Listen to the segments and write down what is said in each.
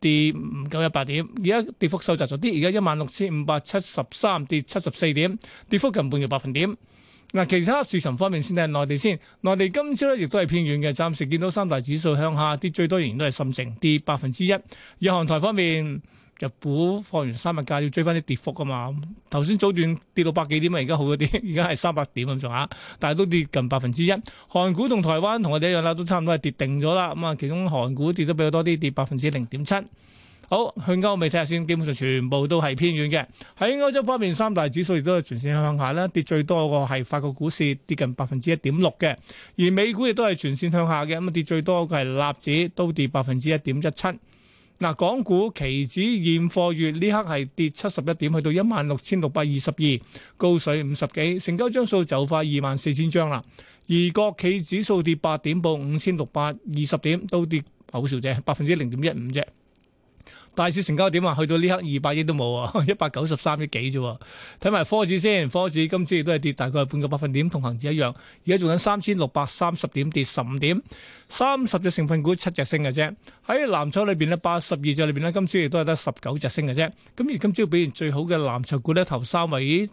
跌五九一八點，而家跌幅收窄咗啲，而家一萬六千五百七十三跌七十四點，跌幅近半個百分點。嗱，其他市場方面先睇內地先，內地今朝咧亦都係偏軟嘅，暫時見到三大指數向下，跌最多，仍然都係深證跌百分之一。日韓台方面。日股放完三日假要追翻啲跌幅噶嘛，頭先早段跌到百幾點啊，而家好咗啲，而家係三百點咁上下，但係都跌近百分之一。韓股台灣同台灣同我哋一樣啦，都差唔多係跌定咗啦。咁啊，其中韓股跌得比較多啲，跌百分之零點七。好，去歐美睇下先，基本上全部都係偏軟嘅。喺歐洲方面，三大指數亦都係全線向下啦，跌最多嗰個係法國股市跌近百分之一點六嘅，而美股亦都係全線向下嘅，咁啊跌最多嗰個係納指都跌百分之一點一七。嗱，港股期指現貨月呢刻係跌七十一點，去到一萬六千六百二十二，高水五十幾，成交張數就快二萬四千張啦。而國企指數跌八點，報五千六百二十點，都跌好少啫，百分之零點一五啫。大市成交點啊，去到呢刻二百億都冇啊，一百九十三億幾啫。睇埋科指先，科指今朝亦都係跌，大概係半個百分點，同恒指一樣。而家仲喺三千六百三十點跌十五點，三十隻成分股七隻升嘅啫。喺藍籌裏邊呢，八十二隻裏邊呢，今朝亦都係得十九隻升嘅啫。咁而今朝表現最好嘅藍籌股呢，頭三位。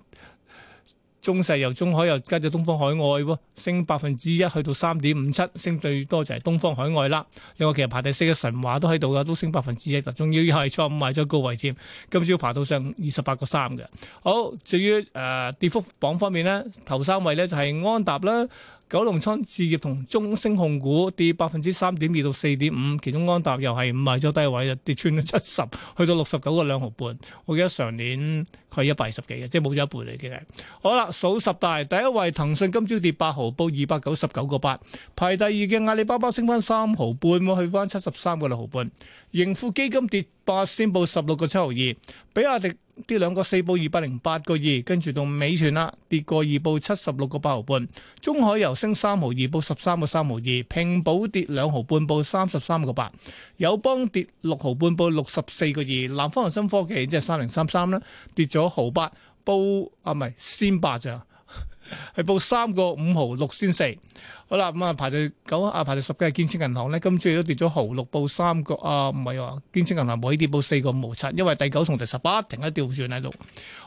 中石油、中海油加咗東方海外，升百分之一去到三點五七，升最多就係東方海外啦。另外其實排第四嘅神華都喺度噶，都升百分之一，仲要係再賣咗高位添。今朝爬到上二十八個三嘅。好，至於誒跌幅榜方面呢，頭三位呢就係安踏啦。九龍倉置業同中升控股跌百分之三點二到四點五，其中安踏又係唔係咗低位啊，跌穿咗七十，去到六十九個兩毫半。我記得上年佢一百二十幾嘅，即係冇咗一倍嚟嘅。好啦，數十大第一位騰訊今朝跌八毫，報二百九十九個八，排第二嘅阿里巴巴升翻三毫半，去翻七十三個六毫半。盈富基金跌。八先報十六個七毫二，比亞迪跌兩個四，報二百零八個二，跟住到美團啦，跌個二報七十六個八毫半，中海油升三毫二，報十三個三毫二，平保跌兩毫半，報三十三個八，友邦跌六毫半，報六十四個二，南方恒生科技即係三零三三啦，就是、33，跌咗毫八，報啊唔係先八咋，係報三個五毫六先四。好啦，咁啊排第九啊，排第十嘅建設銀行咧，今朝亦都跌咗毫六報三個啊，唔係話建設銀行每跌報四個毛七，因為第九同第十八停一調轉喺度。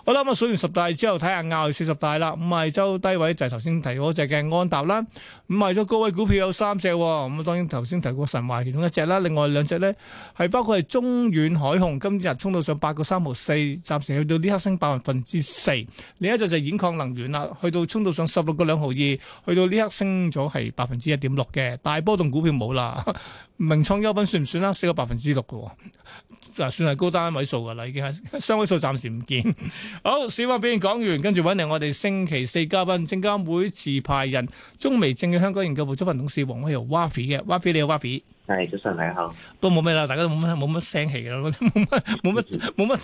好啦，咁啊數完十大之後，睇下亞四十大啦。咁亞周低位就係頭先提嗰隻嘅安踏啦。咁賣咗高位股票有三隻，咁、哦、啊當然頭先提過神華其中一隻啦，另外兩隻咧係包括係中遠海控，今日衝到上八個三毫四，暫時去到呢刻升百分之四。另一隻就係兗礦能源啦，去到衝到上十六個兩毫二，去到呢刻升咗。係百分之一點六嘅。大波動股票冇啦。 名創優品算唔算啦？升咗百分之六嘅，嗱、哦、算係高單位數嘅啦，已經係雙位數，暫時唔見。 好，小班，俾你講完，跟住揾嚟我哋星期四嘉賓，證監會持牌人，中微證嘅香港研究部執行董事黃威由 Wafi 嘅，Wafi 你好，Wafi。早晨你好。都冇咩啦，大家都冇乜冇乜聲氣啦，冇乜冇乜冇乜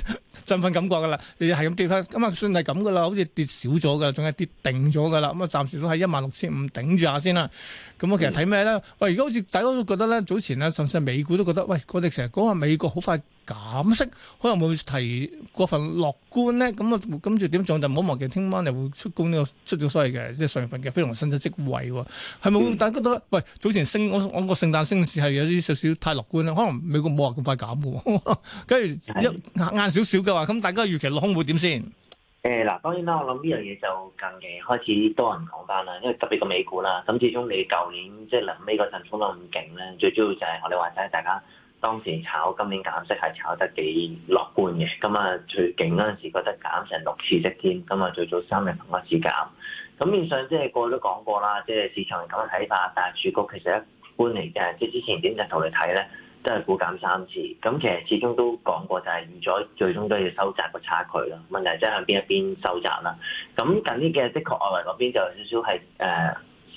振奮感覺噶啦，又係咁跌啦，今、嗯、日算係咁噶啦，好似跌少咗噶，仲係跌定咗噶啦，咁啊暫時都喺一萬六千五頂住下先啦。咁、嗯、啊其實睇咩咧？喂，而家好似大家都覺得咧早。前咧，甚至美股都覺得，喂，我哋成日講話美國好快減息，可能會提過份樂觀咧。咁啊，跟住點仲就唔、是、好忘記，聽晚又會出工呢、呢個出咗所謂嘅，即係上月份嘅非農新增職位喎，係咪會？嗯、大家覺得，喂，早前升我我個聖誕升市係有啲少少太樂觀啦，可能美國冇話咁快減喎，跟住晏少少嘅話，咁大家預期落空會點先？誒嗱，當然啦，我諗呢樣嘢就近期開始多人講翻啦，因為特別個美股啦，咁始終你舊年即係臨尾個陣風咁勁咧，最主要就係我哋話齋大家當時炒今年減息係炒得幾樂觀嘅，咁啊最勁嗰陣時覺得減成六次息添，咁啊最早三日同一次減，咁變相即係個個都講過啦，即係市場咁嘅睇法，但係主局其實一般嚟嘅，即係之前點解同你睇咧？都係估減三次，咁其實始終都講過、就係，就係預咗最終都要收窄個差距啦。問題即係向邊一邊收窄啦？咁近啲嘅，的確外圍嗰邊就有少少係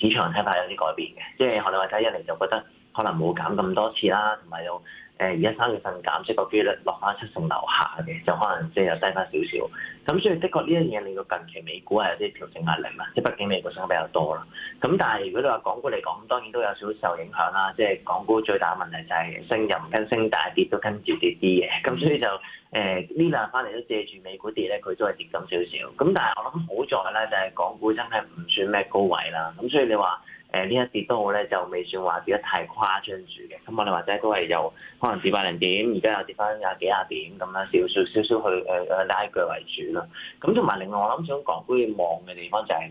誒市場睇法有啲改變嘅，即係可能或睇一嚟就覺得可能冇減咁多次啦，同埋有，有。誒而家三月份減，減，息個機率落翻七成樓下嘅，就可能即係又低翻少少。咁所以，的確呢一樣嘢令到近期美股係有啲調整壓力啊！即係畢竟美股升得比較多啦。咁但係如果你話港股嚟講，當然都有少受影響啦。即係港股最大問題就係升又唔跟升，大跌都跟住跌啲嘅。咁所以就誒呢兩日翻嚟都借住美股跌咧，佢都係跌緊少少。咁但係我諗好在咧，就係港股真係唔算咩高位啦。咁所以你話。誒呢一跌都好咧，就未算話跌得太誇張住嘅。咁、嗯、我哋或者都係有可能跌百零點，而家又跌翻廿幾廿點咁樣、嗯，少少少少去誒誒拉鋸為主咯。咁同埋另外我諗想講關於望嘅地方就係、是、誒、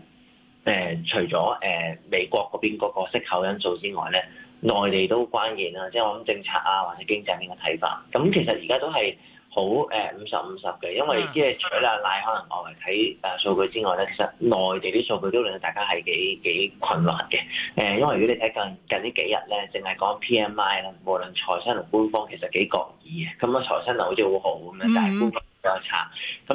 呃、除咗誒、呃、美國嗰邊嗰個息口因素之外咧，內地都好關鍵啦。即係我諗政策啊，或者經濟呢個睇法。咁、嗯、其實而家都係。好誒五十五十嘅，因為即係除咗拉可能外嚟睇誒數據之外咧，其實內地啲數據都令到大家係幾幾困難嘅。誒，因為如果你睇近近幾呢幾日咧，淨係講 PMI 啦，無論財新同官方其實幾各異嘅。咁啊，財新就好似好好咁樣，但係官方。Mm hmm. 再測，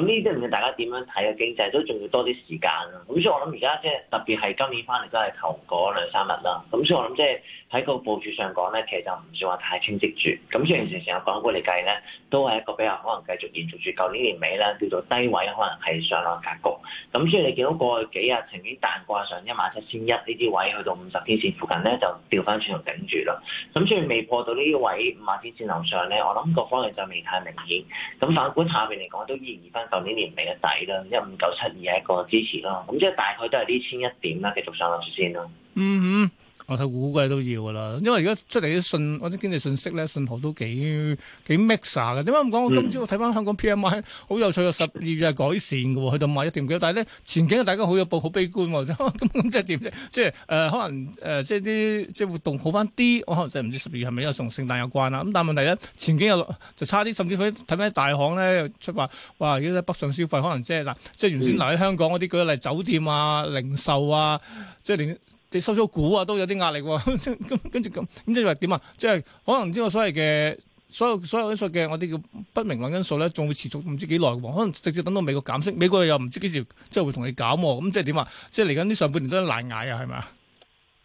咁呢啲唔理大家點樣睇嘅經濟，都仲要多啲時間啦。咁所以我諗而家即係特別係今年翻嚟都係頭嗰兩三日啦。咁所以我諗即係喺個佈局上講咧，其實就唔算話太清晰住。咁雖然成成日港股嚟計咧，都係一個比較可能繼續延續住舊年年尾咧叫做低位，可能係上落格局。咁所以你見到過去幾日曾經彈掛上一萬七千一呢啲位，去到五十天線附近咧就掉翻轉頭頂住啦。咁所以未破到呢啲位五萬天線樓上咧，我諗個方向就未太明顯。咁反觀下邊，嚟講都依然翻舊年年尾嘅底啦，一五九七二係一個支持咯，咁即係大概都係呢千一點啦，繼續上落住先咯。嗯嗯。我睇估嘅都要噶啦，因為而家出嚟啲信，或者經濟信息咧，信號都幾幾 mix 啊！嘅點解唔講？我今朝我睇翻香港 PMI 好有趣啊，十二月係改善嘅，去到五十一點幾。但係咧前景，大家好有報，好悲觀喎、啊。咁咁即係點咧？即係誒可能誒，即係啲即係活動好翻啲。我可能就唔知十二月係咪有送同聖誕有關啦、啊。咁但係問題咧，前景又就差啲，甚至乎睇翻大行咧出話如果喺北上消費可能即係嗱，即係原先留喺香港嗰啲，舉例酒店啊、零售啊，即係連。你收咗股啊，都有啲壓力喎、啊。咁跟住咁，咁、嗯、即係點啊？即係可能唔知我所謂嘅所有所有，所有因素嘅我哋叫不明朗因素咧，仲會持續唔知幾耐喎。可能直接等到美國減息，美國又唔知幾時即係會同你減喎、啊。咁、嗯、即係點啊？即係嚟緊啲上半年都難捱啊，係咪啊？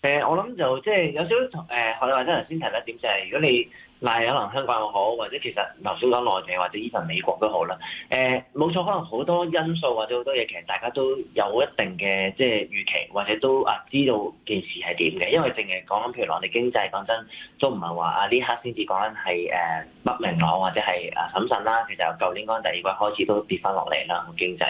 誒、呃，我諗就即係有少少同誒海馬德頭先提得點就係，如果你。但係可能香港又好，或者其實頭先講內地或者 even 美國都好啦。誒、呃，冇錯，可能好多因素或者好多嘢，其實大家都有一定嘅即係預期，或者都啊知道件事係點嘅。因為淨係講緊，譬如我哋經濟講真都唔係話啊呢刻先至講緊係誒不明朗或者係啊審慎啦。其實舊年講緊第二季開始都跌翻落嚟啦，經濟。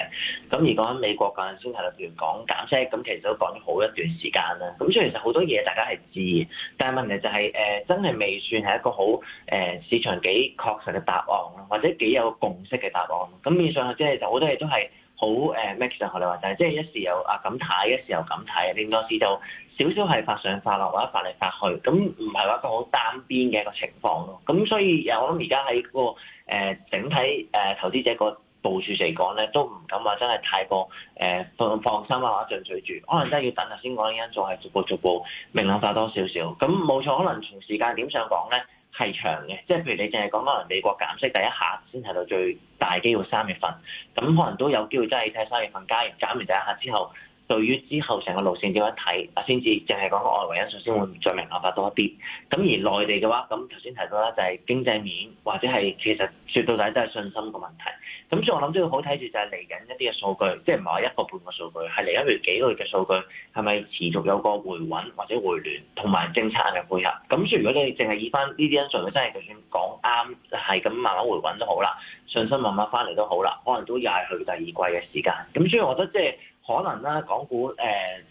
咁如果美國嗰陣先係譬如講減息，咁其實都講咗好一段時間啦。咁所以其實好多嘢大家係知嘅，但係問題就係、是、誒、呃、真係未算係一個好。誒市場幾確實嘅答案或者幾有共識嘅答案。咁以上即係就好多嘢都係好誒 make sense 學你話齋，但係即係一時又啊咁睇，一時又咁睇，變多時就少少係發上發落或者發嚟發去，咁唔係話一個好單邊嘅一個情況咯。咁所以，我諗而家喺個誒整體誒投資者個部署嚟講咧，都唔敢話真係太過誒放放心啊，或者進取住，可能真係要等下先講呢樣，仲係逐步逐步明朗化多少少。咁冇錯，可能從時間點上講咧。係長嘅，即係譬如你淨係講可能美國減息第一下先提到最大機會三月份，咁可能都有機會真係睇三月份加減，減完第一下之後。對於之後成個路線點樣睇，啊先至淨係講個外圍因素先會再明白返多一啲。咁而內地嘅話，咁頭先提到咧就係經濟面，或者係其實說到底都係信心嘅問題。咁所以我諗都要好睇住，就係嚟緊一啲嘅數據，即係唔係話一個半個數據，係嚟緊一個月幾個月嘅數據，係咪持續有個回穩或者回暖，同埋政策嘅配合。咁所以如果你淨係以翻呢啲因素，佢真係就算講啱係咁慢慢回穩都好啦，信心慢慢翻嚟都好啦，可能都又係去第二季嘅時間。咁所以我覺得即係。可能啦、啊，港股誒，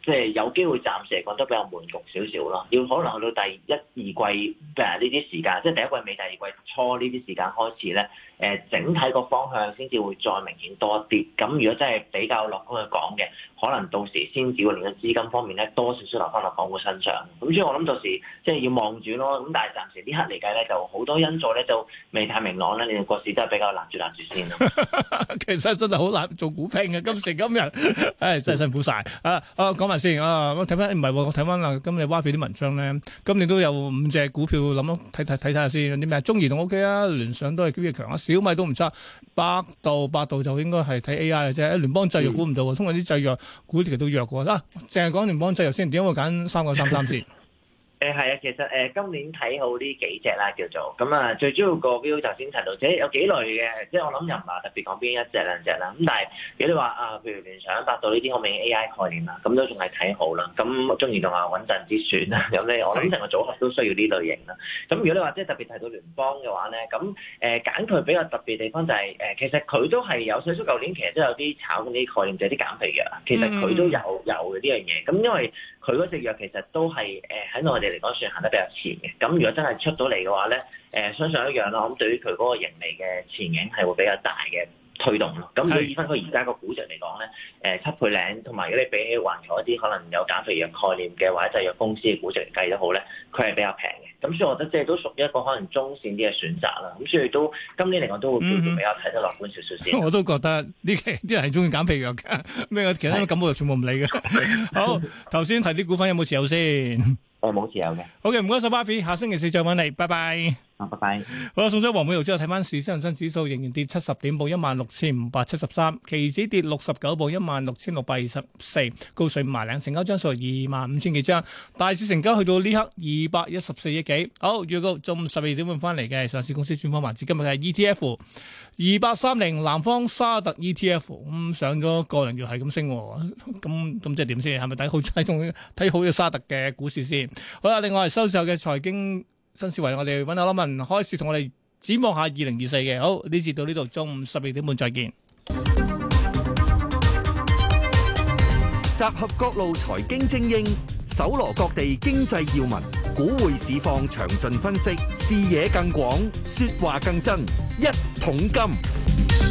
即、呃、係、就是、有機會暫時係覺得比較悶局少少啦。要可能去到第一二季誒呢啲時間，即係第一季尾、第二季初呢啲時間開始咧。誒，整體個方向先至會再明顯多一啲。咁如果真係比較樂觀去講嘅，可能到時先至會令到資金方面咧多少少留翻落港股身上。咁所以我諗到時即係要望住咯。咁但係暫時呢刻嚟計咧，就好多因素咧就未太明朗咧。你個市真係比較難住難住先。 其實真係好難做股評嘅，今時今日，誒、 哎、真係辛苦晒。啊！啊，講埋先啊。咁睇翻唔係喎，我睇翻啦。今日挖片啲文章咧，今年都有五隻股票諗睇睇睇睇下先。啲咩？中移動 OK 啊，聯想都係強一。小米都唔差，百度百度就應該係睇 A.I. 嘅啫。聯邦製藥估唔到喎，嗯、通過啲製藥股其實都弱嘅。嗱、啊，淨係講聯邦製藥先，點解會揀三個三三字。 係啊，其實誒今年睇好呢幾隻啦，叫做咁啊，最主要個標頭先提到，即係有幾類嘅，即係我諗又唔係特別講邊一隻兩隻啦。咁但係如果你話啊，譬如聯想、百度呢啲咁嘅 AI 概念啦，咁都仲係睇好啦。咁中意仲話穩陣之選啦。咁你我諗成個組合都需要呢類型啦。咁如果你話即係特別提到聯邦嘅話咧，咁誒揀佢比較特別地方就係、是、誒，其實佢都係有，雖雖舊年其實都有啲炒緊啲概念，就係、是、啲減肥藥其實佢都有有嘅呢樣嘢。咁因為佢嗰隻藥其實都係誒喺我哋。嚟講算行得比較前嘅，咁如果真係出到嚟嘅話咧，誒、呃，相信一樣咯。咁對於佢嗰個盈利嘅前景係會比較大嘅推動咯。咁以翻佢而家個估值嚟講咧，誒、呃，七倍頂，同埋如果你比起環球一啲可能有減肥藥概念嘅或者製藥公司嘅估值嚟計都好咧，佢係比較平嘅。咁所以我覺得即係都屬於一個可能中線啲嘅選擇啦。咁所以都今年嚟講都會叫做比較睇得樂觀少少先。我都覺得呢啲人係中意減肥藥嘅，咩其他嘅感冒藥全部唔理嘅。的好，頭先 提啲股份有冇持有先？我冇自由嘅。OK，唔該晒，Buffy，下星期四再搵你，拜拜。拜拜好，送咗黃美瑤之後，睇翻市，滬深指數仍然跌七十點，報一萬六千五百七十三，期指跌六十九，報一萬六千六百二十四，高水五麻兩，成交張數二萬五千幾張，大市成交去到呢刻二百一十四億幾。好，預告中午十二點半翻嚟嘅上市公司專方環節，今日係 E T F 二百三零南方沙特 E T F，咁上咗個人又係咁升、啊，咁咁即係點先？係咪睇好睇睇好嘅沙特嘅股市先？好啦，另外收市嘅財經。新思維，我哋揾阿羅文開始，同我哋展望下二零二四嘅。好，呢次到呢度，中午十二點半再見。集合各路財經精英，搜羅各地經濟要聞，股匯市況詳盡分析，視野更廣，說話更真，一桶金。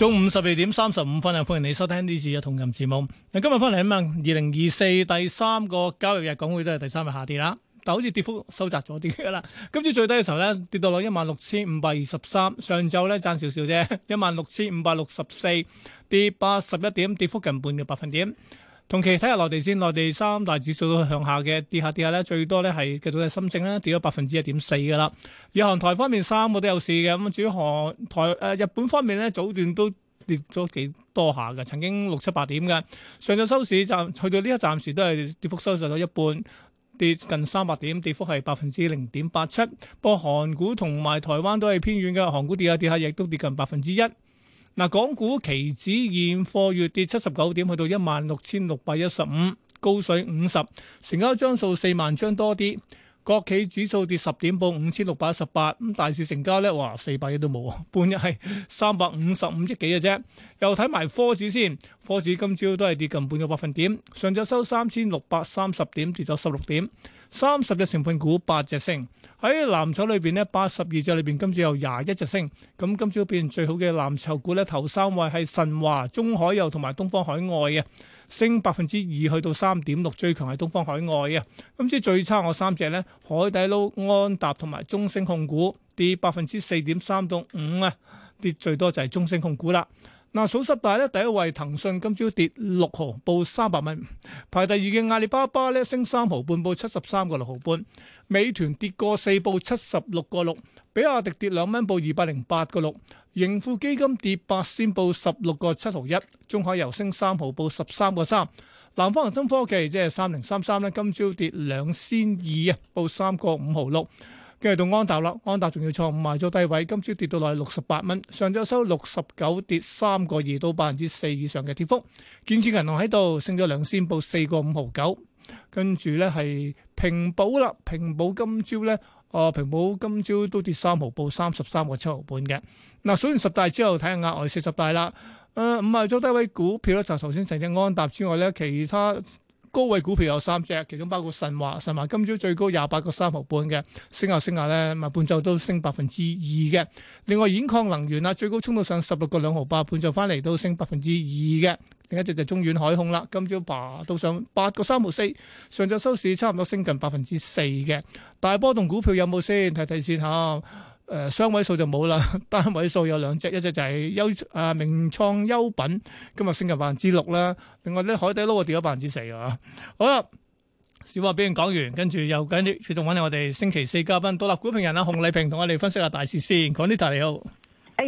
中午十二點三十五分，又歡迎你收聽呢次嘅同人節目。今日翻嚟啊嘛，二零二四第三個交易日港會都係第三日下跌啦，但好似跌幅收窄咗啲噶啦。今朝最低嘅時候咧，跌到落一萬六千五百二十三，上晝咧賺少少啫，一萬六千五百六十四，跌八十一點，跌幅近半個百分點。同期睇下內地先，內地三大指數都向下嘅，跌下跌下咧，最多咧係繼續喺深證啦，跌咗百分之一點四嘅啦。而韓台方面三個都有事嘅。咁至於韓台誒、呃、日本方面咧早段都跌咗幾多下嘅，曾經六七八點嘅，上晝收市暫去到呢一暫時都係跌幅收實咗一半，跌近三百點，跌幅係百分之零點八七。不過韓股同埋台灣都係偏遠嘅，韓股跌，跌下跌下亦都跌近百分之一。嗱，港股期指現貨月跌七十九點，去到一萬六千六百一十五，高水五十，成交張數四萬張多啲。國企指數跌十點，報五千六百一十八。咁大市成交咧，哇，四百億都冇，半日係三百五十五億幾嘅啫。又睇埋科指先，科指今朝都係跌近半個百分點，上晝收三千六百三十點，跌咗十六點。三十隻成分股，八隻升喺，藍籌裏邊咧，八十二隻裏邊今朝有廿一隻升，咁今朝邊最好嘅藍籌股咧，頭三位係神華、中海油同埋東方海外嘅，升百分之二去到三點六，最強係東方海外啊！今朝最差我三隻咧，海底撈、安踏同埋中升控股跌百分之四點三到五啊，跌最多就係中升控股啦。嗱，數失敗咧，第一位騰訊今朝跌六毫，報三百蚊。排第二嘅阿里巴巴咧，升三毫半，報七十三個六毫半。美團跌過四，報七十六個六。比亞迪跌兩蚊，報二百零八個六。盈富基金跌八仙，報十六個七毫一。中海油升三毫，報十三個三。南方恒生科技即係三零三三咧，今朝跌兩仙二啊，報三個五毫六。跟住到安踏啦，安踏仲要挫五，賣咗低位，今朝跌到落去六十八蚊，上週收六十九，跌三個二到百分之四以上嘅跌幅。建設銀行喺度升咗兩仙，報四個五毫九。跟住咧係平保啦，平保今朝咧，啊、呃、平保今朝都跌三毫，報三十三個七毫半嘅。嗱、啊，數完十大之後，睇下額外四十大啦。誒、呃，五賣做低位股票咧，就頭先提及安踏之外咧，其他。高位股票有三隻，其中包括神華。神華今朝最高廿八個三毫半嘅，升下升下咧，咪半晝都升百分之二嘅。另外，兗礦能源啦，最高衝到上十六個兩毫八，半晝翻嚟都升百分之二嘅。另一隻就中遠海控啦，今朝爬到上八個三毫四，上晝收市差唔多升近百分之四嘅。大波動股票有冇先？睇睇先吓。誒雙位數就冇啦，單位數有兩隻，一隻就係優啊名創優品，今日升咗百分之六啦。另外呢，海底撈啊，跌咗百分之四啊。好啦，小話俾你講完，跟住又繼續揾嚟我哋星期四嘉賓獨立股評人啊，熊麗萍同我哋分析下大市先。講呢大，你好，誒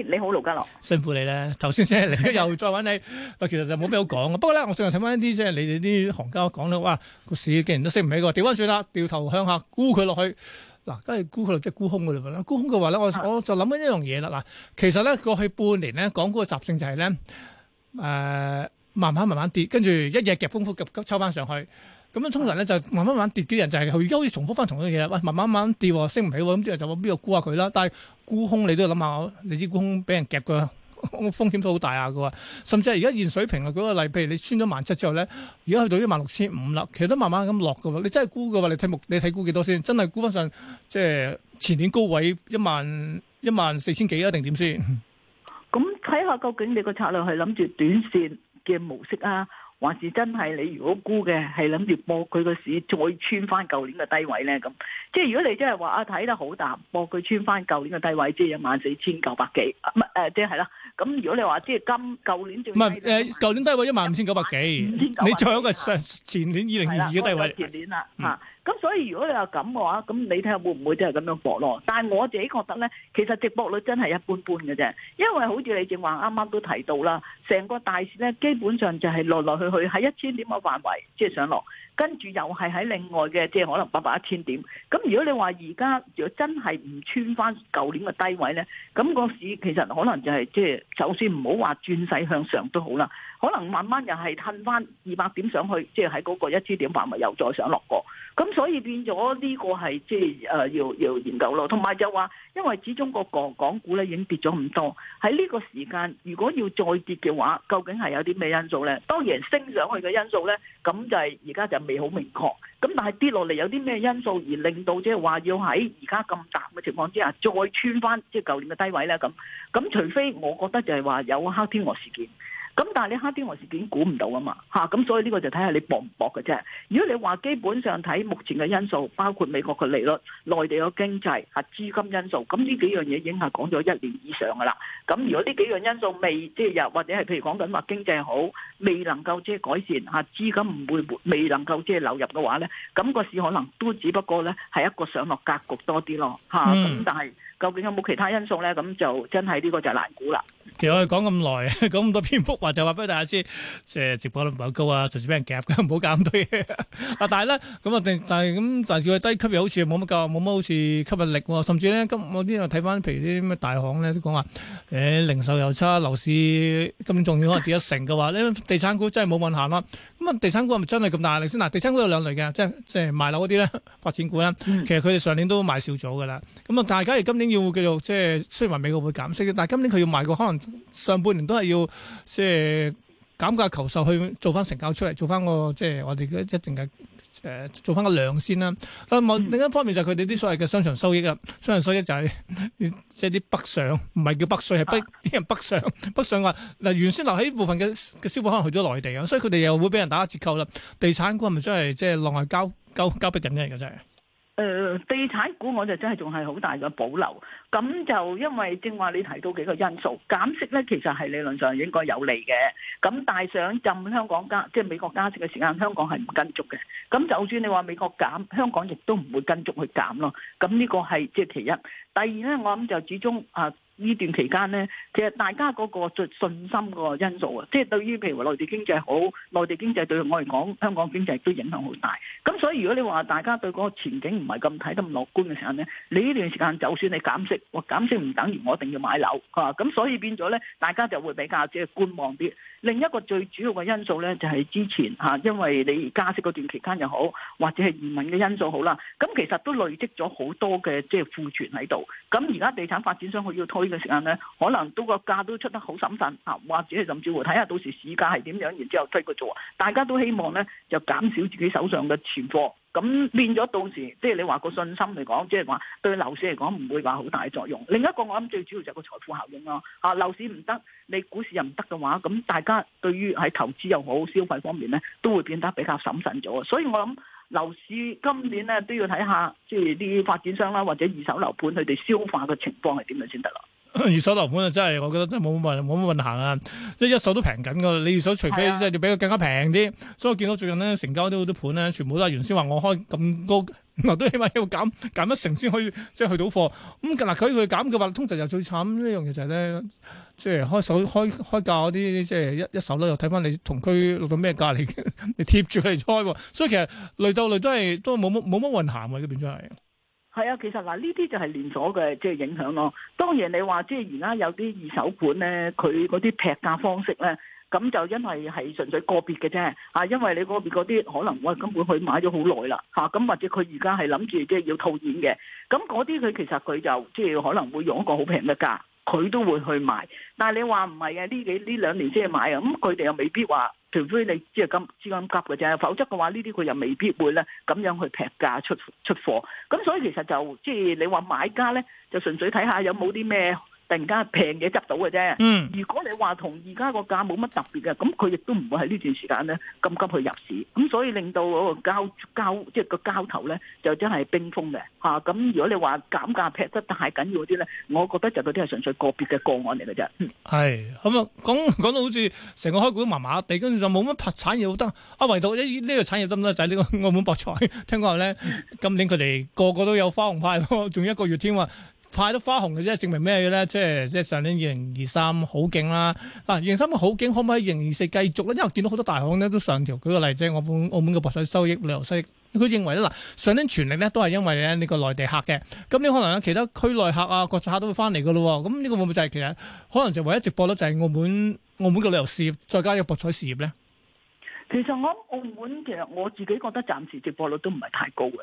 你好盧家樂，辛苦你啦。頭先先嚟，而家又再揾你，啊其實就冇咩好講嘅。不過咧，我上近睇翻一啲即係你哋啲行家講到哇個市竟然都升唔起個，掉翻轉啦，掉頭向下，估佢落去。嗱，梗係沽佢就即係沽空嘅啦，沽空嘅話咧，我我就諗緊一樣嘢啦。嗱，其實咧過去半年咧，港股嘅習性就係、是、咧，誒、呃，慢慢慢慢跌，跟住一日夾空空夾抽翻上去，咁樣通常咧就慢慢慢，慢跌啲人就係佢又重複翻同樣嘢啦。喂、啊，慢，慢慢慢跌，哦、升唔起，咁、哦、就邊度沽下佢啦？但係沽空你都要諗下，你知沽空俾人夾噶。風險都好大啊！佢話，甚至係而家現水平啊！舉個例，譬如你穿咗萬七之後咧，而家去到一萬六千五啦，其實都慢慢咁落嘅喎。你真係估嘅話，你睇目你睇估幾多先？真係估翻上即係、就是、前年高位一萬一萬四千幾啊？定點先？咁睇下究竟你個策略係諗住短線嘅模式啊？還是真係你如果估嘅係諗住博佢個市再穿翻舊年嘅低位咧，咁，即係如果你真係話啊，睇得好淡，博佢穿翻舊年嘅低位，即係一萬四千九百幾，唔係誒，即係係啦。咁如果你話即係今舊年，唔係誒，舊年低位一萬五千九百幾，一萬五千九百幾，你再有一個上前年二零二二嘅低位。咁所以如果你話咁嘅話，咁你睇下會唔會真係咁樣搏咯？但係我自己覺得呢，其實直播率真係一般般嘅啫，因為好似你正話啱啱都提到啦，成個大市呢，基本上就係來來去去喺一千點嘅範圍即係、就是、上落。跟住又係喺另外嘅，即係可能八百一千點。咁如果你話而家如果真係唔穿翻舊年嘅低位咧，咁個市其實可能就係即係，就算唔好話轉勢向上都好啦，可能慢慢又係褪翻二百點上去，即係喺嗰個一千點範圍又再上落過。咁所以變咗呢個係即係誒要要研究咯。同埋就話，因為始終個港股咧已經跌咗咁多，喺呢個時間如果要再跌嘅話，究竟係有啲咩因素咧？當然升上去嘅因素咧，咁就係而家就。未好明確，咁但係跌落嚟有啲咩因素而令到即係話要喺而家咁淡嘅情況之下，再穿翻即係舊年嘅低位咧？咁咁除非我覺得就係話有黑天鵝事件。咁 但係你黑天鵝事件估唔到啊嘛，嚇、啊、咁所以呢個就睇下你搏唔搏嘅啫。如果你話基本上睇目前嘅因素，包括美國嘅利率、內地嘅經濟嚇、啊、資金因素，咁呢幾樣嘢已經係講咗一年以上噶啦。咁如果呢幾樣因素未即係又或者係譬如講緊話經濟好，未能夠即係改善嚇、啊、資金唔會未能夠即係流入嘅話咧，咁、那個市可能都只不過咧係一個上落格局多啲咯，嚇、啊、咁、啊、但係。究竟有冇其他因素咧？咁就真係呢個就難估啦。其實我哋講咁耐，講咁多篇幅話，就話俾大家知，即係直播率唔係好高啊，隨時俾人夾嘅，唔好搞咁多嘢啊！但係咧，咁啊，但係咁，但係佢低吸又好似冇乜教，冇乜好似吸引力喎。甚至咧，今我呢度睇翻，譬如啲咩大行咧都講話，誒零售又差，樓市咁重要可能跌一成嘅話，呢地產股真係冇問函啦。咁啊，地產股係咪真係咁大？你先嗱，地產股有兩類嘅，即係即係賣樓嗰啲咧，發展股咧，其實佢哋上年都賣少咗㗎啦。咁啊，但係假如今年要繼續即係，雖然話美國會減息，但係今年佢要賣個可能上半年都係要即係減價求售去做翻成交出嚟，做翻個即係我哋一定嘅，誒、呃，做翻個量先啦。啊嗯、另一方面就係佢哋啲所謂嘅商場收益啊，商場收益就係即係啲北上，唔係叫北水，係逼啲人北上，北上話嗱原先留喺部分嘅嘅消費可能去咗內地啊，所以佢哋又會俾人打折扣啦。地產股係咪真係即係浪係交交交筆緊嘅嘅真係？誒、呃，地產股我就真係仲係好大嘅保留，咁就因為正話你提到幾個因素，減息咧其實係理論上應該有利嘅，咁但係想浸香港加即係美國加息嘅時間，香港係唔跟足嘅，咁就算你話美國減，香港亦都唔會跟足去減咯，咁呢個係即係其一。第二咧，我諗就始終啊。呢段期間呢，其實大家嗰個最信心個因素啊，即係對於譬如話內地經濟好，內地經濟對我嚟講，香港經濟都影響好大。咁所以如果你話大家對嗰個前景唔係咁睇得咁樂觀嘅時候呢，你呢段時間就算你減息，哇，減息唔等於我一定要買樓啊。咁所以變咗呢，大家就會比較即係觀望啲。另一個最主要嘅因素呢，就係之前嚇，因為你加息嗰段期間又好，或者係移民嘅因素好啦，咁其實都累積咗好多嘅即係庫存喺度。咁而家地產發展商佢要推。嘅時間咧，可能都個價都出得好審慎啊，或者甚至乎睇下到時市價係點樣，然之後追個做。大家都希望咧，就減少自己手上嘅存貨，咁變咗到時，即係你話個信心嚟講，即係話對樓市嚟講唔會話好大作用。另一個我諗最主要就係個財富效應咯、啊。啊，樓市唔得，你股市又唔得嘅話，咁大家對於喺投資又好消費方面咧，都會變得比較審慎咗。所以我諗樓市今年咧都要睇下，即係啲發展商啦、啊、或者二手樓盤佢哋消化嘅情況係點樣先得咯。二手樓盤啊，真係我覺得真係冇乜運冇乜運行啊！即係一手都平緊㗎，你二手除非，即係、啊、比佢更加平啲，所以我見到最近咧成交啲好多盤咧，全部都係原先話我開咁高，都起碼要減減一成先可以即係去到貨。咁嗱佢佢減嘅話，通常又最慘就最慘呢樣嘢就係咧，即係開手開開價嗰啲，即係一一手咧又睇翻你同區錄到咩價嚟嘅， 你貼住佢嚟開。所以其實累到累都係都冇乜冇乜運行啊，嗰邊真係。係啊，其實嗱呢啲就係連鎖嘅即係影響咯。當然你話即係而家有啲二手盤咧，佢嗰啲劈價方式咧，咁就因為係純粹個別嘅啫。啊，因為你嗰邊嗰啲可能我根本佢買咗好耐啦，吓，咁或者佢而家係諗住即係要套現嘅，咁嗰啲佢其實佢就即係可能會用一個好平嘅價，佢都會去買。但係你話唔係嘅呢幾呢兩年先係買啊，咁佢哋又未必話。除非你即係咁資金急嘅啫，否則嘅話，呢啲佢又未必會咧咁樣去劈價出出貨，咁所以其實就即係你話買家咧，就純粹睇下有冇啲咩。突然間平嘢執到嘅啫，如果你話同而家個價冇乜特別嘅，咁佢亦都唔會喺呢段時間咧咁急去入市，咁所以令到個交交即係個交投咧就真係冰封嘅嚇。咁如果你話減價劈得太緊要嗰啲咧，我覺得就嗰啲係純粹個別嘅個案嚟嘅啫。係咁啊，講講到好似成個開股麻麻地，跟住就冇乜產業好得啊，唯獨呢呢個產業得唔得就係呢個澳門博彩聽講話咧，今年佢哋個個都有花紅派，仲一個月添喎。派到花紅嘅啫，證明咩咧？即係即係上年二零二三好勁啦，嗱二零二三嘅好勁，可唔可以二零二四繼續咧？因為見到好多大行咧都上調。舉個例子，即係澳門澳門嘅博彩收益、旅遊收益，佢認為咧嗱，上年全力咧都係因為咧呢個內地客嘅，咁你可能其他區內客啊、國際客都會翻嚟嘅咯。咁、嗯、呢、呢個會唔會就係其實可能就唯一直播咧，就係澳門澳門嘅旅遊事業，再加呢個博彩事業咧？其實我澳門其實我自己覺得暫時值博率都唔係太高嘅，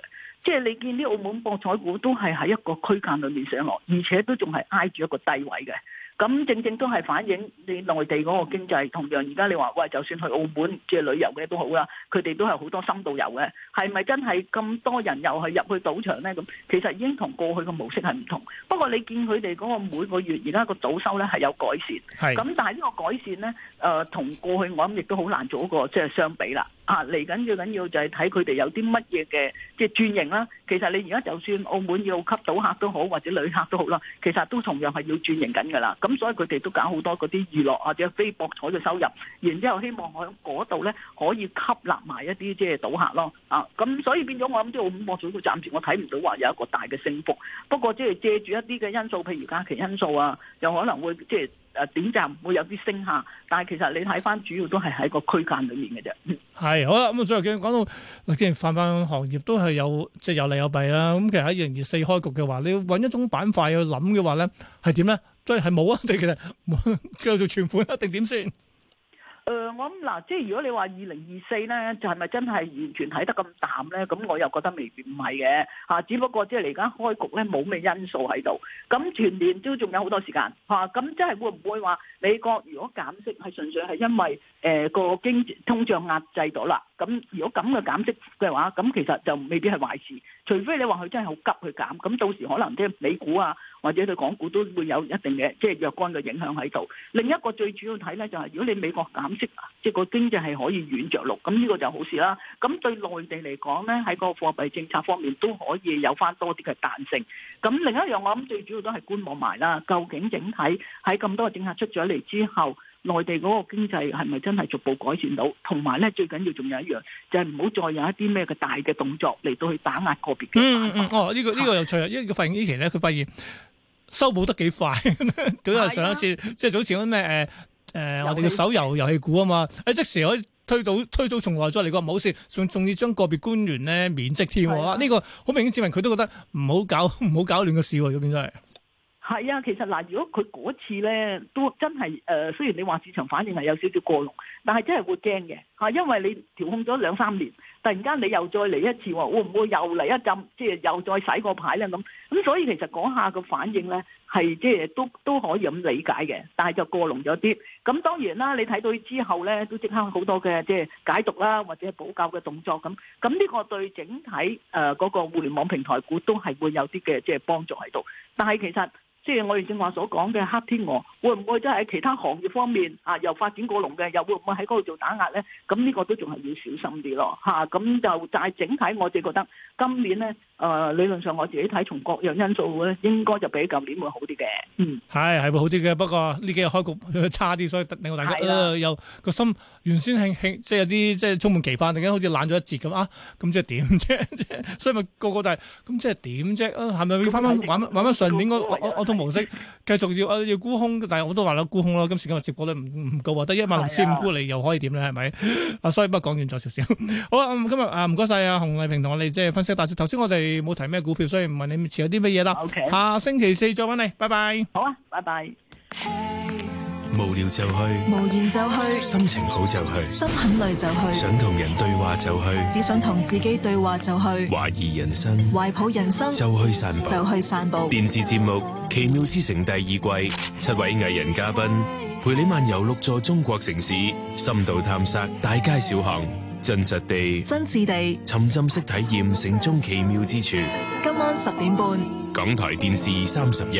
即係你見啲澳門博彩股都係喺一個區間裏面上落，而且都仲係挨住一個低位嘅。咁正正都係反映你內地嗰個經濟，同樣而家你話喂，就算去澳門即係旅遊嘅都好啦，佢哋都係好多深度遊嘅，係咪真係咁多人又係入去賭場咧？咁其實已經同過去嘅模式係唔同。不過你見佢哋嗰個每個月而家個賭收咧係有改善，係，咁但係呢個改善咧，誒同過去我諗亦都好難做一個即係相比啦。啊！嚟緊最緊要就係睇佢哋有啲乜嘢嘅即係轉型啦。其實你而家就算澳門要吸賭客都好，或者旅客都好啦，其實都同樣係要轉型緊㗎啦。咁所以佢哋都搞好多嗰啲娛樂或者非博彩嘅收入，然之後希望喺嗰度咧可以吸納埋一啲即係賭客咯。啊，咁所以變咗我諗，即澳門博彩暫時我睇唔到話有一個大嘅升幅。不過即係借住一啲嘅因素，譬如假期因素啊，有可能會即係誒短暫會有啲升下。但係其實你睇翻主要都係喺個區間裏面嘅啫。係。好啦，咁啊，最後講到嗱，既然泛泛行業都係有即係有利有弊啦，咁其實喺二零二四開局嘅話，你要揾一種板塊去諗嘅話咧，係點咧？都係冇啊，定其實叫做存款一定點先？誒，我諗嗱，即係如果你話二零二四咧，就係咪真係完全睇得咁淡咧？咁我又覺得未必唔係嘅吓，只不過即係嚟緊開局咧冇咩因素喺度，咁全年都仲有好多時間吓，咁即係會唔會話美國如果減息係純粹係因為？誒個經濟通脹壓制到啦，咁如果咁嘅減息嘅話，咁其實就未必係壞事，除非你話佢真係好急去減，咁到時可能即係美股啊，或者對港股都會有一定嘅即係若干嘅影響喺度。另一個最主要睇咧就係，如果你美國減息，即係個經濟係可以軟著陸，咁呢個就好事啦。咁對內地嚟講咧，喺個貨幣政策方面都可以有翻多啲嘅彈性。咁另一樣我諗最主要都係觀望埋啦，究竟整體喺咁多政策出咗嚟之後，內地嗰個經濟係咪真係逐步改善到？同埋咧，最緊要仲有一樣，就係唔好再有一啲咩嘅大嘅動作嚟到去打壓個別嘅板塊。哦，呢個呢個又除，因為佢發現呢期咧，佢發現修補得幾快。佢話上一次即係好似嗰咩誒誒，呃呃、戲我哋嘅手遊遊戲股啊嘛，即時可以推到推到從來再嚟個，唔好事，仲仲要將個別官員咧免職添、啊。呢、啊、個好明顯，證明，佢都覺得唔好搞，唔好搞亂個市。呢真係。係啊，其實嗱，如果佢嗰次呢都真係誒、呃，雖然你話市場反應係有少少過龍，但係真係會驚嘅嚇，因為你調控咗兩三年，突然間你又再嚟一次喎，會唔會又嚟一陣，即係又再洗個牌呢？咁，咁所以其實講下個反應呢，係即係都都可以咁理解嘅，但係就過龍咗啲。咁當然啦，你睇到之後呢，都即刻好多嘅即係解讀啦，或者係補救嘅動作咁。咁呢個對整體誒嗰、呃嗰個互聯網平台股都係會有啲嘅即係幫助喺度。但係其實，即係我哋正話所講嘅黑天鵝，會唔會即係喺其他行業方面啊，又發展過龍嘅，又會唔會喺嗰度做打壓咧？咁呢個都仲係要小心啲咯，吓，咁就但係整體，我哋覺得今年咧。誒理論上我自己睇，從各樣因素咧，應該就比舊年會好啲嘅。嗯，係係會好啲嘅，不過呢幾日開局差啲，所以令到大家誒又個心原先興即係有啲即係充滿期盼，突然間好似冷咗一截咁啊！咁即係點啫？所以咪個個都係咁，即係點啫？啊，係咪要翻返玩返玩返上我個模式，繼續要要沽空？但係我都話啦，沽空啦，今時間又接過得唔唔夠得一萬六千五沽嚟又可以點咧？係咪啊？所以不過講完咗少少，好啊！今日啊，唔該晒啊，洪麗萍同我哋即係分析，但係頭先我哋冇提咩股票，所以唔問你前有啲乜嘢啦。Okay. 下星期四再揾你，拜拜。好啊，拜拜。無聊就去，無言就去，心情好就去，心很累就去，想同人對話就去，只想同自己對話就去。懷疑人生，懷抱人生，人生就去散步，就去散步。電視節目《奇妙之城》第二季，七位藝人嘉賓陪你漫遊六座中國城市，深度探索大街小巷。真實地、真摯地，沉浸式體驗城中奇妙之處。今晚十點半，港台電視三十一。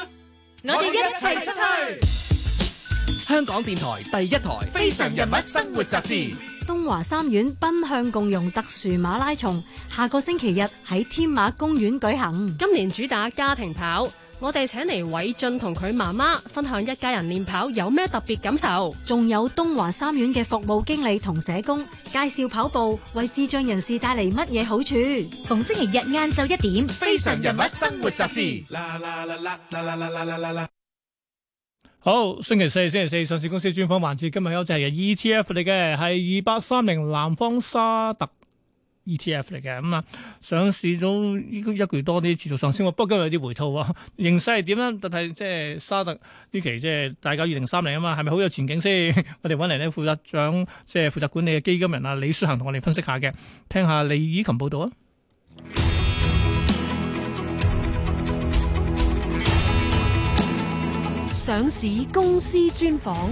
我哋一齊出去！香港電台第一台《非常人物生活雜誌》。東華三院奔向共融特殊馬拉松，下個星期日喺天馬公園舉行。今年主打家庭跑。我哋請嚟偉俊同佢媽媽分享一家人練跑有咩特別感受，仲有東華三院嘅服務經理同社工介紹跑步為智障人士帶嚟乜嘢好處。逢星期日晏晝一點，非常人物生活雜誌。好，星期四星期四上市公司專訪環節，今日有隻係 ETF 嚟嘅，係二八三零南方沙特。E T F 嚟嘅咁啊，上市咗一個月多啲持續上升，嗯、不過今日有啲回吐啊。形勢係點咧？但係即係沙特呢期即係大搞二零三零啊嘛，係咪好有前景先？ 我哋揾嚟呢負責掌即係負責管理嘅基金人啊，李書恒同我哋分析下嘅，聽下李以琴報道啊。上市公司專訪。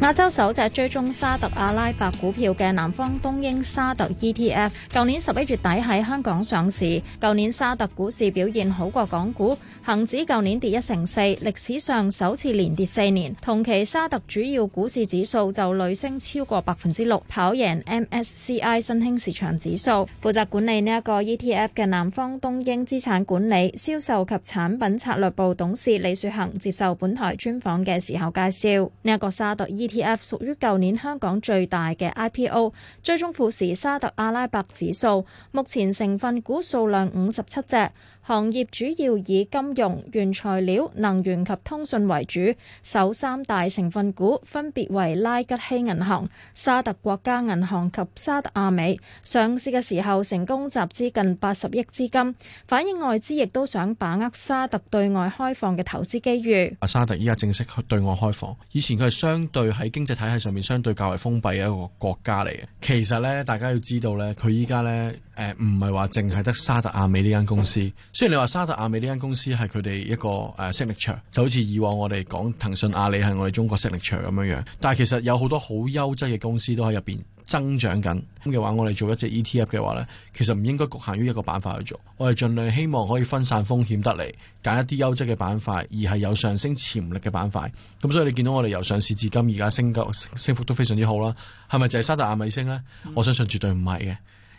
亞洲首隻追蹤沙特阿拉伯股票嘅南方東英沙特 ETF，舊年十一月底喺香港上市。舊年沙特股市表現好過港股，恒指舊年跌一成四，歷史上首次連跌四年。同期沙特主要股市指數就累升超過百分之六，跑贏 MSCI 新興市場指數。負責管理呢一個 ETF 嘅南方東英資產管理、銷售及產品策略部董事李雪恒接受本台專訪嘅時候介紹，呢一個沙特 ETF 屬於舊年香港最大嘅 IPO，追蹤富時沙特阿拉伯指數，目前成分股數量五十七隻。行業主要以金融、原材料、能源及通訊為主，首三大成分股分別為拉吉希銀行、沙特國家銀行及沙特阿美。上市嘅時候成功集資近八十億資金，反映外資亦都想把握沙特對外開放嘅投資機遇。沙特依家正式對外開放，以前佢係相對喺經濟體系上面相對較為封閉嘅一個國家嚟嘅。其實呢，大家要知道呢，佢依家呢。誒，唔係話淨係得沙特阿美呢間公司，嗯、雖然你話沙特阿美呢間公司係佢哋一個誒實力場，uh, 就好似以往我哋講騰訊、阿里係我哋中國實力場咁樣樣，但係其實有好多好優質嘅公司都喺入邊增長緊。咁嘅話，我哋做一隻 ETF 嘅話呢，其實唔應該局限於一個板塊去做，我哋盡量希望可以分散風險得嚟，揀一啲優質嘅板塊，而係有上升潛力嘅板塊。咁所以你見到我哋由上市至今而家升，升幅都非常之好啦，係咪就係沙特阿美升呢？嗯、我相信絕對唔係嘅。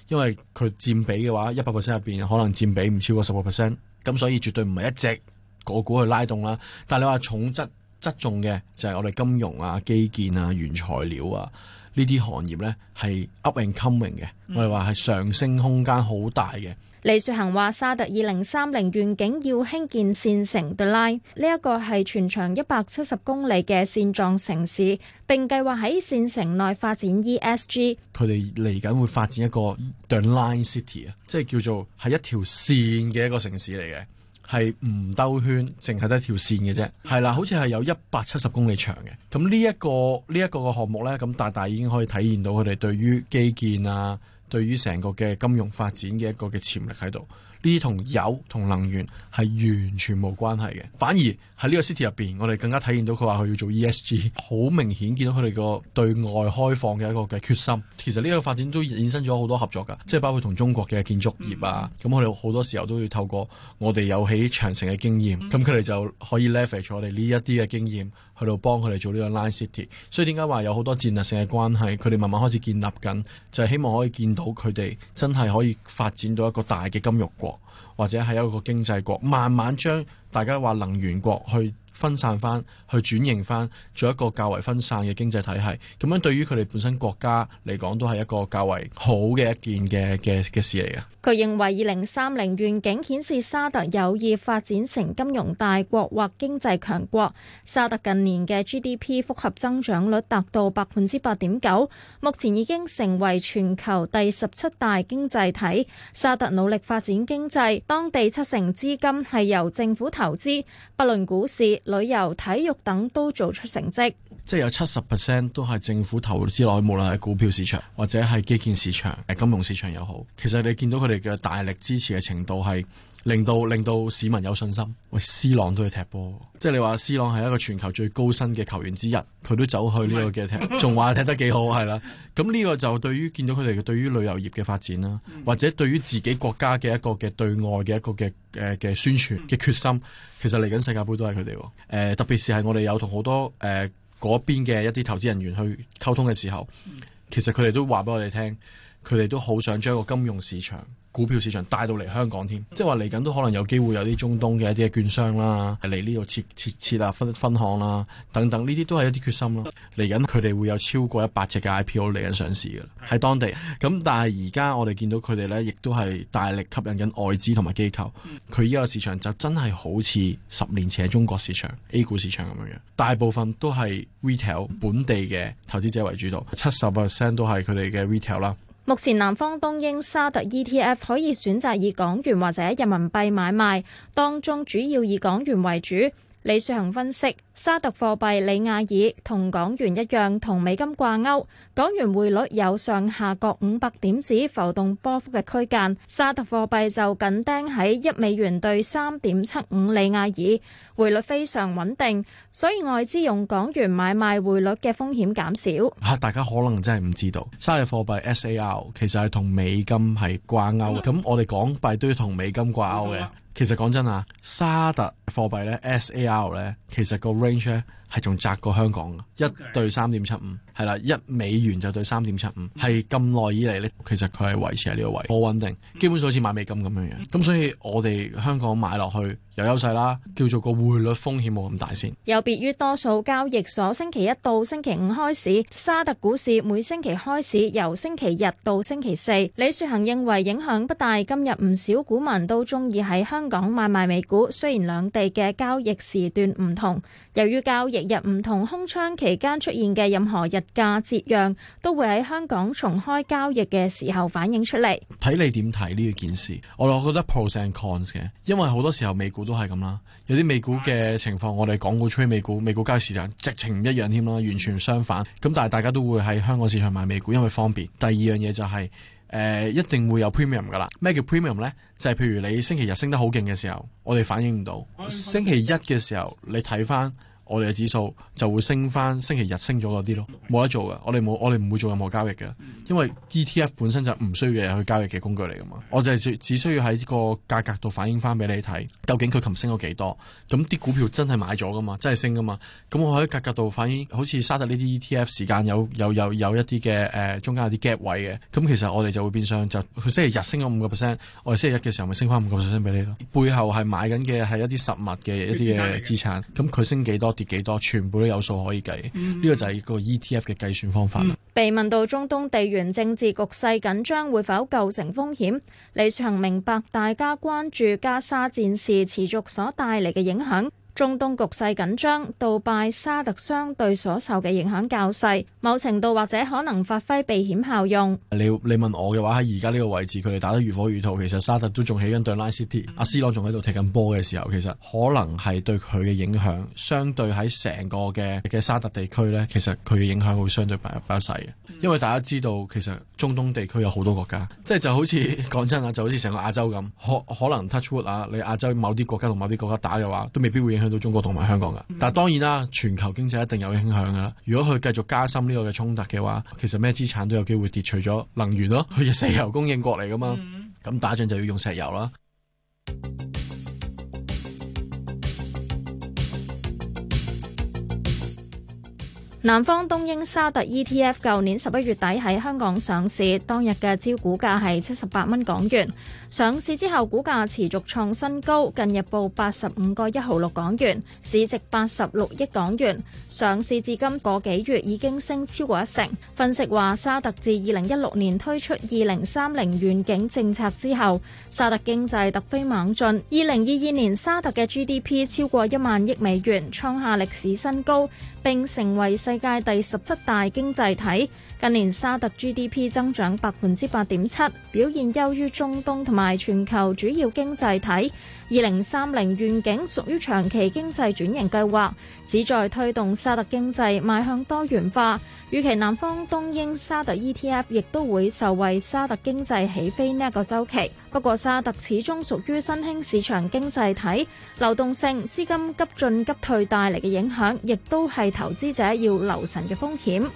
因為佢佔比嘅話，一百 percent 入邊可能佔比唔超過十個 percent，咁所以絕對唔係一隻個股去拉動啦。但係你話重質質重嘅就係我哋金融啊、基建啊、原材料啊。呢啲行業呢係 up and coming 嘅，嗯、我哋話係上升空間好大嘅。李雪恒話：沙特二零三零願景要興建線城，the line 呢一個係全長一百七十公里嘅線狀城市，並計劃喺線城內發展 ESG。佢哋嚟緊會發展一個 the line city 啊，即係叫做係一條線嘅一個城市嚟嘅。係唔兜圈，淨係得一條線嘅啫，係啦，好似係有一百七十公里長嘅。咁呢一個呢一個嘅項目呢，咁大大已經可以體現到佢哋對於基建啊，對於成個嘅金融發展嘅一個嘅潛力喺度。呢啲同油同能源係完全冇關係嘅，反而喺呢個 city 入邊，我哋更加體驗到佢話佢要做 ESG，好明顯見到佢哋個對外開放嘅一個嘅決心。其實呢個發展都衍生咗好多合作噶，即係包括同中國嘅建築業啊，咁我哋好多時候都要透過我哋有起長城嘅經驗，咁佢哋就可以 leverage 我哋呢一啲嘅經驗去到幫佢哋做呢個 Line City。所以點解話有好多戰略性嘅關係，佢哋慢慢開始建立緊，就係希望可以見到佢哋真係可以發展到一個大嘅金融國或者係一個經濟國，慢慢將大家話能源國去。分散翻，去轉型翻，做一個較為分散嘅經濟體系，咁樣對於佢哋本身國家嚟講，都係一個較為好嘅一件嘅嘅嘅事嚟嘅。佢認為二零三零願景顯示沙特有意發展成金融大國或經濟強國。沙特近年嘅 GDP 複合增長率達到百分之八點九，目前已經成為全球第十七大經濟體。沙特努力發展經濟，當地七成資金係由政府投資，不論股市。旅遊、體育等都做出成績，即係有七十 percent 都係政府投資來，無論係股票市場或者係基建市場、金融市場又好，其實你見到佢哋嘅大力支持嘅程度係。令到令到市民有信心。喂，C 朗都去踢波，即係你話 C 朗係一個全球最高薪嘅球員之一，佢都走去呢、這個嘅踢，仲話是踢得幾好，係啦。 咁呢個就對於見到佢哋對於旅遊業嘅發展啦，或者對於自己國家嘅一個嘅對外嘅一個嘅誒嘅宣傳嘅決心，其實嚟緊世界杯都係佢哋。誒、呃，特別是係我哋有同好多誒嗰、呃、邊嘅一啲投資人員去溝通嘅時候，其實佢哋都話俾我哋聽。佢哋都好想將個金融市場、股票市場帶到嚟香港添，即係話嚟緊都可能有機會有啲中東嘅一啲券商啦嚟呢度設設設立分分行啦等等，呢啲都係一啲決心咯。嚟緊佢哋會有超過一百隻嘅 IPO 嚟緊上市嘅喺當地。咁但係而家我哋見到佢哋呢，亦都係大力吸引緊外資同埋機構。佢依個市場就真係好似十年前嘅中國市場 A 股市場咁樣樣，大部分都係 retail 本地嘅投資者為主導，七十 percent 都係佢哋嘅 retail 啦。目前南方東英沙特 ETF 可以選擇以港元或者人民幣買賣，當中主要以港元為主。李雪恒分析，沙特貨幣里亞爾同港元一樣同美金掛鈎，港元匯率有上下各五百點子浮動波幅嘅區間，沙特貨幣就緊盯喺一美元兌三點七五里亞爾，匯率非常穩定，所以外資用港元買賣匯率嘅風險減少。吓、啊、大家可能真係唔知道，沙特貨幣 SAR 其實係同美金係掛鈎，咁、嗯、我哋港幣都要同美金掛鈎嘅。嗯嗯其實講真啊，沙特貨幣咧 SAR 咧，其實個 range 咧。係仲窄過香港嘅，一兌三點七五，係啦，一美元就兌三點七五，係咁耐以嚟呢，其實佢係維持喺呢個位，好穩定，基本上好似買美金咁樣樣。咁所以我哋香港買落去有優勢啦，叫做個匯率風險冇咁大先。有別於多數交易所星期一到星期五開市，沙特股市每星期開市由星期日到星期四。李雪恒認為影響不大，今日唔少股民都中意喺香港買賣美股，雖然兩地嘅交易時段唔同，由於交易。日唔同，空窗期間出現嘅任何日價折讓，都會喺香港重開交易嘅時候反映出嚟。睇你點睇呢件事？我我覺得 percent cons 嘅，因為好多時候美股都係咁啦。有啲美股嘅情況，我哋港股吹美股，美股交易市場直情唔一樣添啦，完全相反。咁但係大家都會喺香港市場買美股，因為方便。第二樣嘢就係、是、誒、呃，一定會有 premium 噶啦。咩叫 premium 呢？就係、是、譬如你星期日升得好勁嘅時候，我哋反映唔到。 星期一嘅時候，你睇翻。我哋嘅指數就會升翻，星期日升咗嗰啲咯，冇得做噶。我哋冇，我哋唔會做任何交易嘅，因為 ETF 本身就唔需要人去交易嘅工具嚟噶嘛。我就係只需要喺個價格度反映翻俾你睇，究竟佢琴升咗幾多？咁啲股票真係買咗噶嘛，真係升噶嘛。咁我喺價格度反映，好似沙特呢啲 ETF 時間有有有有一啲嘅誒，中間有啲 gap 位嘅。咁其實我哋就會變相就佢星期日升咗五個 percent，我哋星期一嘅時候咪升翻五個 percent 俾你咯。嗯、背後係買緊嘅係一啲實物嘅一啲嘅資產，咁佢升幾多？跌幾多？全部都有數可以計，呢、嗯、個就係個 ETF 嘅計算方法。嗯、被問到中東地緣政治局勢緊張會否構成風險，李樹恆明白大家關注加沙戰事持續所帶嚟嘅影響。中東局勢緊張，杜拜沙特相對所受嘅影響較細，某程度或者可能發揮避險效用。你你問我嘅話，喺而家呢個位置，佢哋打得如火如荼，其實沙特都仲起緊對拉斯提，阿斯朗仲喺度踢緊波嘅時候，其實可能係對佢嘅影響相對喺成個嘅嘅沙特地區呢，其實佢嘅影響會相對比較細，因為大家知道，其實中東地區有好多國家，即、就、係、是、就好似講 真啊，就好似成個亞洲咁，可可能 touch wood 啊，你亞洲某啲國家同某啲國家打嘅話，都未必會影響。到中國同埋香港噶，但係當然啦，全球經濟一定有影響噶啦。如果佢繼續加深呢個嘅衝突嘅話，其實咩資產都有機會跌，除咗能源咯。佢係石油供應國嚟噶嘛，咁、嗯、打仗就要用石油啦。南方東英沙特 ETF 舊年十一月底喺香港上市，當日嘅招股價係七十八蚊港元。上市之後，股價持續創新高，近日報八十五個一毫六港元，市值八十六億港元。上市至今個幾月已經升超過一成。分析話，沙特自二零一六年推出二零三零願景政策之後，沙特經濟突飛猛進。二零二二年，沙特嘅 GDP 超過一萬億美元，創下歷史新高。並成為世界第十七大經濟體。近年沙特 GDP 增長百分之八點七，表現優於中東同埋全球主要經濟體。二零三零願景屬於長期經濟轉型計劃，旨在推動沙特經濟邁向多元化。預期南方東英沙特 ETF 亦都會受惠沙特經濟起飛呢一個周期。不過，沙特始終屬於新興市場經濟體，流動性資金急進急退帶嚟嘅影響，亦都係投資者要留神嘅風險。